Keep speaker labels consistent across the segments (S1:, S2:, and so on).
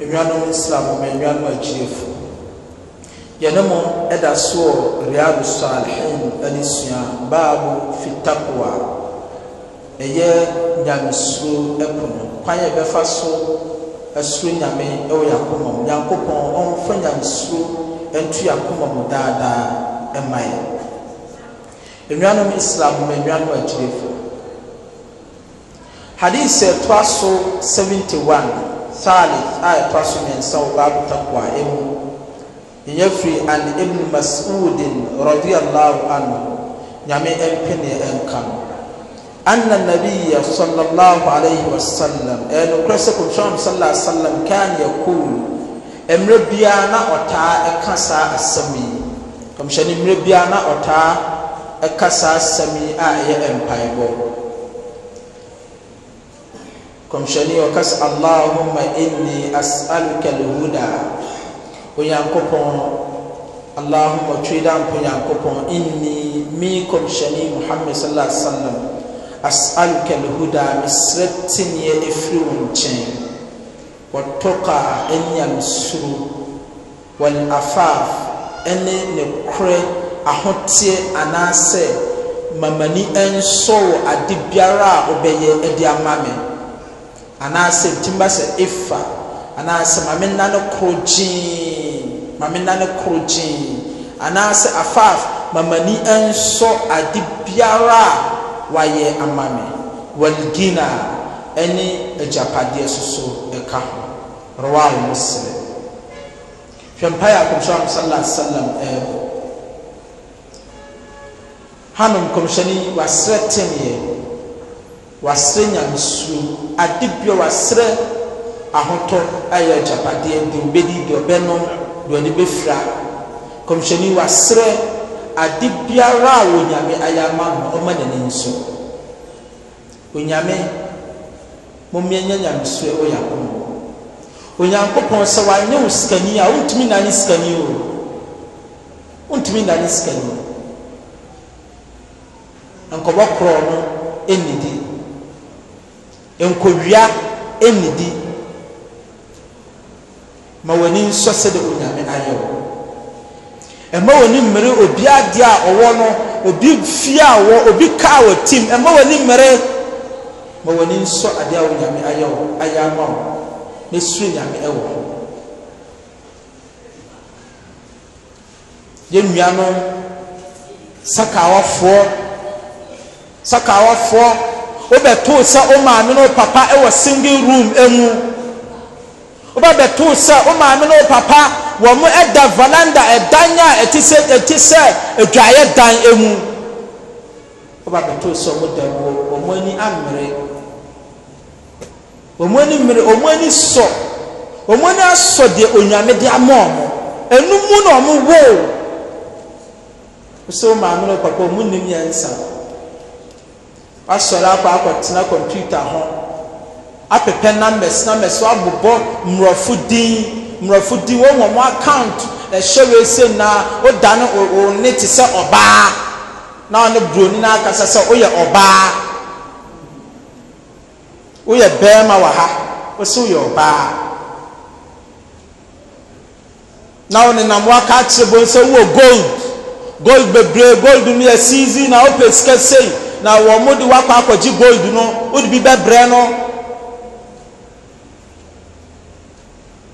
S1: nnuanom islam ma nnuanom agyirefo yɛne mo ɛda soɔ riyadu salihin adesua baabu fitakwa ɛyɛ nyamesuro ɛpono kwan yɛ bɛfa so ɛsoro nyame ɛwɔ yakoma mu nyankopɔn ɔnfa nyamesuro ɛntu yakoma mu daadaa ɛma yɛ nnuanom islam ma nnuanom agyirefo hadith ɛtoa so seventy one thalith a ɛtɔ so mmiɛnsa wɔ baabu takwa ɛmu ɛnyɛ firi an ibn mas'udin radiyallahu anhu nyame ɛmpene ɛnka no anna nabiyya sallallahu alayhi wa sallam ɛyɛ nokorɛ sɛ kɔmhyɛn sallallahu alayhi wa sallam kan yakul mmerɛ biara na ɔtaa ɛka saa asɛm yi kɔmhyɛn mmerɛ biara na ɔtaa ɛka saa asɛm yi a ɛyɛ mpaebɔ kɔmhyɛni ɔkasa allahumma inni as'aluka alhuda onyankopɔn allahumma twe da mpo nyankopɔn inni mi kɔmhyɛni muhammad sallallahu alaihi wasallam as'aluka alhuda mesrɛ teneɛ ɛfiri wo nkyɛn wɔtɔka ɛne amesuro wɔlafaf ɛne ne korɛ ahoteɛ anaasɛ mamani ɛnsɔ wɔ ade biara a wobɛyɛ ɛde ama me anaasɛ tim ba sɛ efa anaasɛ maame nna no koro gyeen maame nna no koro gyeen anaasɛ afaaf mamani nsɔ adi biara a wayɛ ama me walgina ɛne agyapadeɛ soso ɛka ho rawa muslim hwɛ mpaeɛ akɔmhyɛm sallallahu alaihi wasallam ɛɛbɔ eh, hanom kɔmhyɛni wasrɛ tem yɛ wasrɛ nyamesuo ade bia wasrɛ ahotɔ ayɛ agyapadeɛ de obɛdi deɛ ɔbɛnom deɛ ɔde bɛfira kɔmhyɛni wasrɛ ade biara a onyame ayɛ ama no ɔma n'ani nso onyame mommea nya nyamesuo ɛwɔ yɛakoma onyankopɔn sɛ wanyɛ wo sikani a wontumi nane sikani o wontumi nane sikani nkɔbɔ no ɛnnidi nkowia nnidi ma w'ani nsɔ sɛdeɛ onyame ayɛ wɔ ɛma w'ani mmere obi adeɛ a ɔwɔ no obi fie a wɔ obi kaa wɔ tim ɛma w'ani mmere ma w'ani nsɔ adeɛ a onyame ayɛ wɔ ayɛ ama wɔ na suru nyame ɛwɔ hɔ nua no sakaawafoɔ sakaawafoɔ. wobɛtoo sɛ wo maame ne wo papa ɛwɔ single room ɛmu wobɛbɛtoo sɛ wo maame ne wo papa wɔ mo ɛda valanda ɛdan a ɛti sɛ adwaeɛ dan ɛmu wobɛbɛtoo sɛ ɔmo dan mu wɔ mo ani ammere wɔ mo ani mmere wɔ ani sɔ ani asɔ deɛ onyame de ama ɔmo ɛnu mu na ɔmo woo sɛ wo maame ne wo papa nim yɛn nsa wasɔre akɔ tena kɔmputa ho apepɛ numbers numbers wabobɔ mmorɔfo din mmorɔfo din wɔn wɔn account ɛhyɛ wɛsɛ na ɔdane ɔwɔ ne te sɛ ɔbaa na ɔne buroni na akasa sɛ ɔyɛ ɔbaa ɔyɛ bɛrima wɔ ha ɔsɛ ɔyɛ ɔbaa na ɔne nam waka akyerɛ bɔ nsɛ ɔwɔ gold gold bebree gold no yɛ siizi na ɔpɛ sika sei. na wɔn mo de wakɔ akɔgye gold no wode bi bɛbrɛ no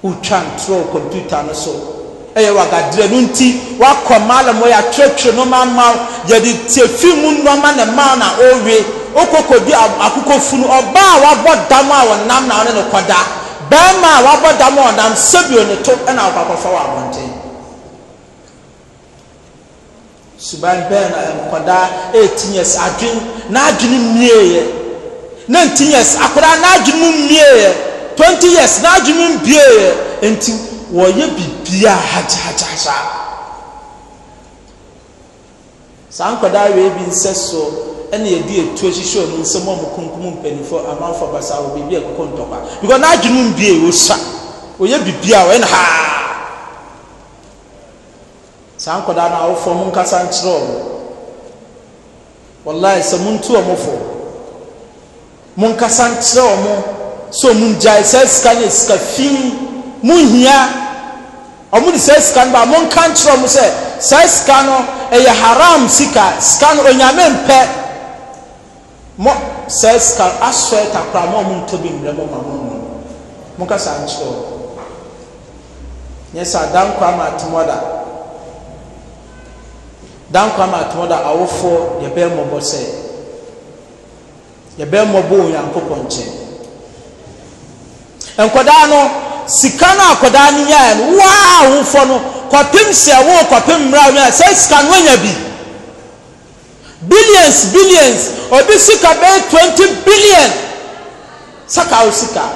S1: wotwa ntorɔ kɔmputa no so ɛyɛ wagaderɛ no nti woakɔ malam yɛatwerɛtwerɛ no mama yɛde tie fi mu nnɔma ne ma na ɔwe wokɔkɔdi akokɔfunu ɔbaa a wabɔ dam a wɔnam na wo ne no kɔda bɛrima a wabɔ dam a ɔnam sɛbio ne to ɛna wokɔkɔfa wɔ abɔnten suban bɛn na nkwadaa eighteen eh, years adwene n'adwene mmie yɛ nineteen years akwadaa n'adwene mu mmie yɛ twenty years n'adwene mu mbie yɛ nti wɔyɛ bibia hagyahagyaha saa nkwadaa wei bi nsɛ soɔ ɛna yɛde etu ahyehyɛ wɔn nsam a wɔkunkum mpanimfoɔ amanfoɔ basaa wɔ baabi a ɛkokɔ ntɔkwa because n'adwene mu mbie yɛ wɔsua wɔyɛ bibia wɔyɛ no haa saa nkwadaa no a wɔfɔ mu nkasa nkyerɛ wɔn wallahi sɛ muntu wɔn fɔ mu nkasa nkyerɛ wɔn sɛ ɔmu ngyae sɛ sika ne sika fin mu nhia ɔmu de sɛ sika no ba mu nka nkyerɛ wɔn sɛ sɛ sika no ɛyɛ haram sika sika no onyame mpɛ mo sɛ sika asɔ takora mo a ɔmu ntɔ bi mmerɛ mo ma mo mu mu nkasa nkyerɛ wɔn nyɛ sɛ adankwa ma atomɔda. dankwam atoma do awofoɔ yɛbɛɛ mmɔbɔ sɛ yɛbɛɛ mmɔbɔ onyankopɔn nkyɛn nkɔdaa no sika no akɔdaa no nyaɛ no waa wofɔ no kɔpem sɛ woo kɔpem mmra wonya sɛ sika no woanya bi billions billions obi sika bɛyɛ 20 billion saka wo sika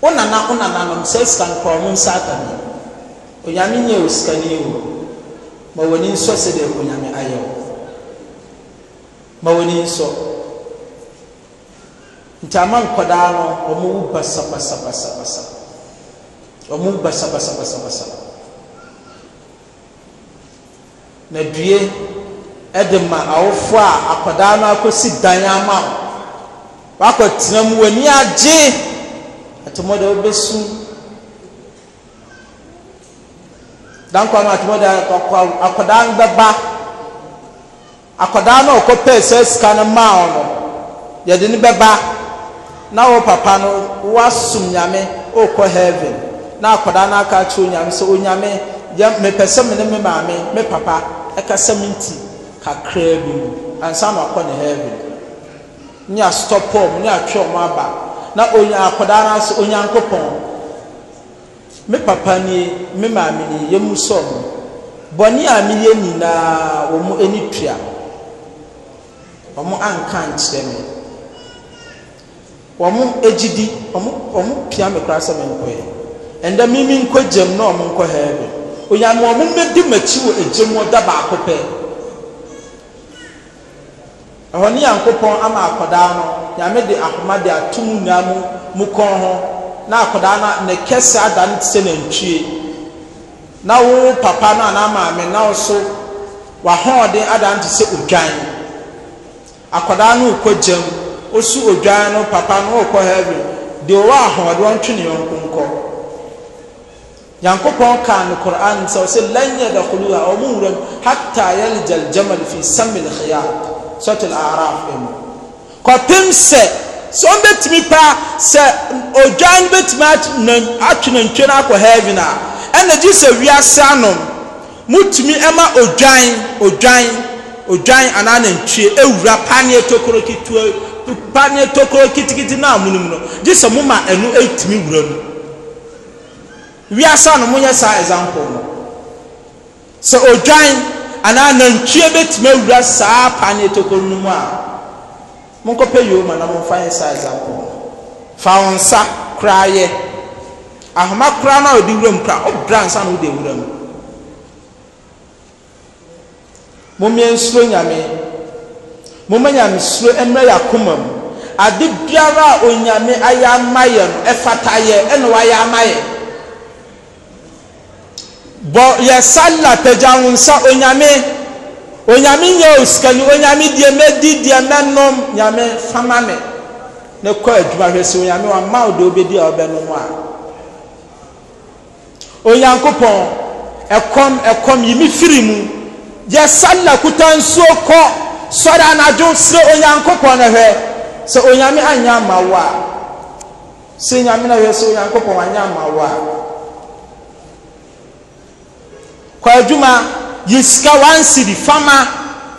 S1: wonana wonananom sɛ sika nkorɔ mo nsa atami onyame nyɛ wo sika no yɛ ma w'ani nsɔ sɛdeɛ onyame ayɛ wo ma w'ani nsɔ ntama nkwadaa no wɔn wu basabasabasabasa wɔn wu basabasabasabasa na due ɛde ma awofoɔ a akwadaa no akɔsi dan ama wo wakɔtena mu w'ani agye atɔmɔdɛ wobɛsum. dan kwan ati mo akwadaa no bɛba akwadaa no ɔkɔ pɛɛ sɛ sika no maa ɔno yɛde no bɛba na wo papa no wasom nyame ɔkɔ heaven na akwadaa no aka akyerɛ onyame sɛ onyame yɛ mepɛ sɛ me ne me maame me papa ɛkasa me nti kakraa bi mu ansa na ɔkɔ ne heaven ne asotɔ pɔm ne atwe ɔmo aba na akwadaa no asɛ onyankopɔn me papa nie me maame nie yɛmu sɔ mo bɔne nyinaa mo ani tua wɔn anka wɔn agyidi wɔn pia me sɛ me ɛnda nkɔ na wɔn nkɔ hɛɛ me onyame wɔn mmedi m'akyi wɔ agyam wɔ da baako pɛ ɛhɔ ne ama akɔdaa no nyame de de ato mu nyinaa mu mu kɔn na akwadaa na ne kɛse ada ne te sɛ nantwie na wo papa no anaa maame na wo so w'ahoɔden ada ne te sɛ odwan akwadaa no rekɔ gyam osu odwan no papa no rekɔ heaven deɛ ɔwɔ ahoɔden ɔntwe ne yɔnko nkɔ nyankopɔn kaa no koran sɛ ɔsɛ lan yadkhuluha ɔmo nwura mu hatta yalija aljamal fi samil khiyat sɔtil araf mu kɔpem sɛ sɛ betumi pa sɛ odwan bɛtumi atwe nantwe no akɔ heaven a ɛna gye sɛ wiase anom motumi ɛma ọdwan ọdwan ọdwan anaa nantwie ewura paneɛ tokoro ketewa paneɛ tokoro kitikiti na amunum no gye sɛ mo ma ɛnu etumi wura no wiase anom mo nyɛ saa example no sɛ ọdwan anaa nantwie betumi ewura saa paneɛ tokoro no mu a. monkɔpɛ yoma na momfa yɛ saa example fa wo nsa koraa yɛ ahoma koraa no a ɔde wura koraa ɔbra nsa na wode wura mu mommeɛ nsuro nyame momma nyamesuro mmerɛ yɛ akoma mu ade biara a onyame ayɛ ama yɛ no ɛfata yɛ ɛna wayɛ ama yɛ bɔ yɛ salla pagya wo nsa onyame onyame nyɛ osikani onyame deɛ mɛdi deɛ mɛnom nyame fama me ne kɔ adwuma hwɛ sɛ onyame wama wo deɛ wobɛdi a wobɛnom a onyankopɔn ɛkɔm ɛkɔm yi me firi mu yɛ salla kuta nsuo kɔ sɔre anadwo serɛ onyankopɔn ne hwɛ sɛ onyame anyɛ ama wo a sɛ nyame na hwɛ sɛ onyankopɔn anyɛ ama wo a kɔ adwuma yisika wansiri fama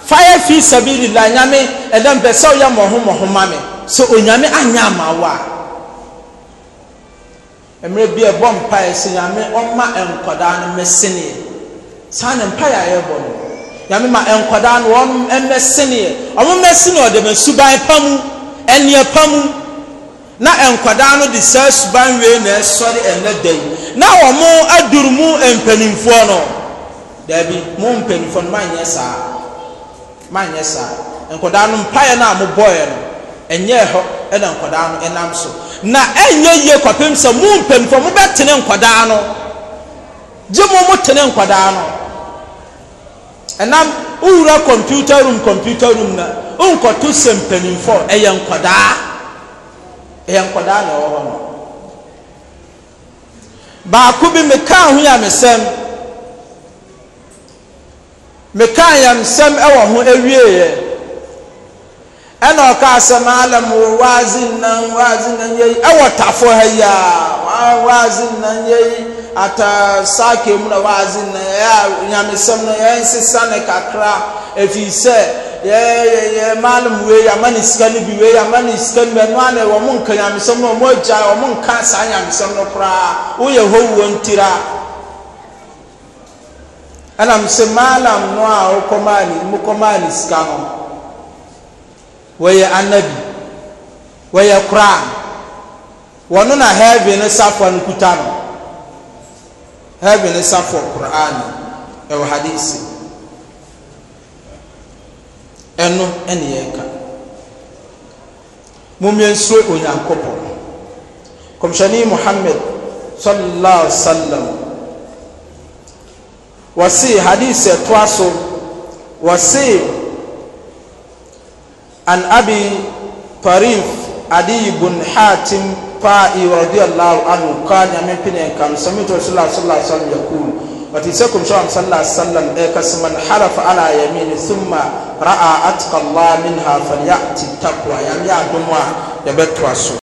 S1: fire fi sabili la nyame ɛdɛ mpɛ sɛ ɔyɛ mɔhomɔho ma so onyame anya ama wo a mmerɛ bi ɛbɔ mpaeɛ sɛ nyame ɔma nkwadaa no mɛseneɛ saa ne mpaeɛ a yɛbɔ no nyame ma nkwadaa no wɔn mmɛseneɛ ɔmo mmɛseneɛ ɔde ma suban pa ɛneɛ pa na nkwadaa no de saa suban wei na ɛsɔre ɛnɛ da na wɔn aduru mu mpanimfoɔ no daabi mo mpanyinfo no manyɛ saa manyɛ saa nkwadaa no mpaeɛ no a mobɔeɛ no ɛnyɛ hɔ ɛna nkwadaa no ɛnam so na ɛnyɛ yie kɔpem sɛ mo mpanyinfo mobɛtene nkwadaa no gye mo motene nkwadaa no ɛnam wowura kɔmputa room kɔmputa room na wonkɔto sɛ mpanyinfo ɛyɛ nkwadaa ɛyɛ nkwadaa na ɛwɔ hɔ no baako bi mekaa ho yɛ mekaa yɛn nsɛm ɛwɔ ho awieeɛ ɛna ɔkaa sɛ maalam wɔ waazi nnan waazi nnan yɛyi ɛwɔ tafo ha yi a waazi nnan yɛyi ata saake mu na waazi nnan yɛ a nyamesɛm no yɛn sisa ne kakra efi sɛ yɛyɛyɛ maalam wei ama ne sika no bi wei ama ne sika no bi ɛno ana wɔn nka nyamesɛm no wɔn agya wɔn nka saa nyamesɛm no koraa woyɛ hɔ wuo ntira. ɛnam sɛ maalam no a wokɔmane mokɔmaane sika no wɔyɛ anabi wɔyɛ qoran wɔno na havi ne safoa nokuta no havi ne safoɔ quraanne ɛwɔ hadese ɛno ɛneyɛr ka mommɛ nsuro onyankopɔ kɔmhyɛnei muhammad sale llah wasallam ت و عنأبي فريف aلي ب حاتم رضيالله عنه مكممههو يول ت ك له سل من حرف على يمين ثم رأى أتق الله منها فليأتي التقوى ييد يبتس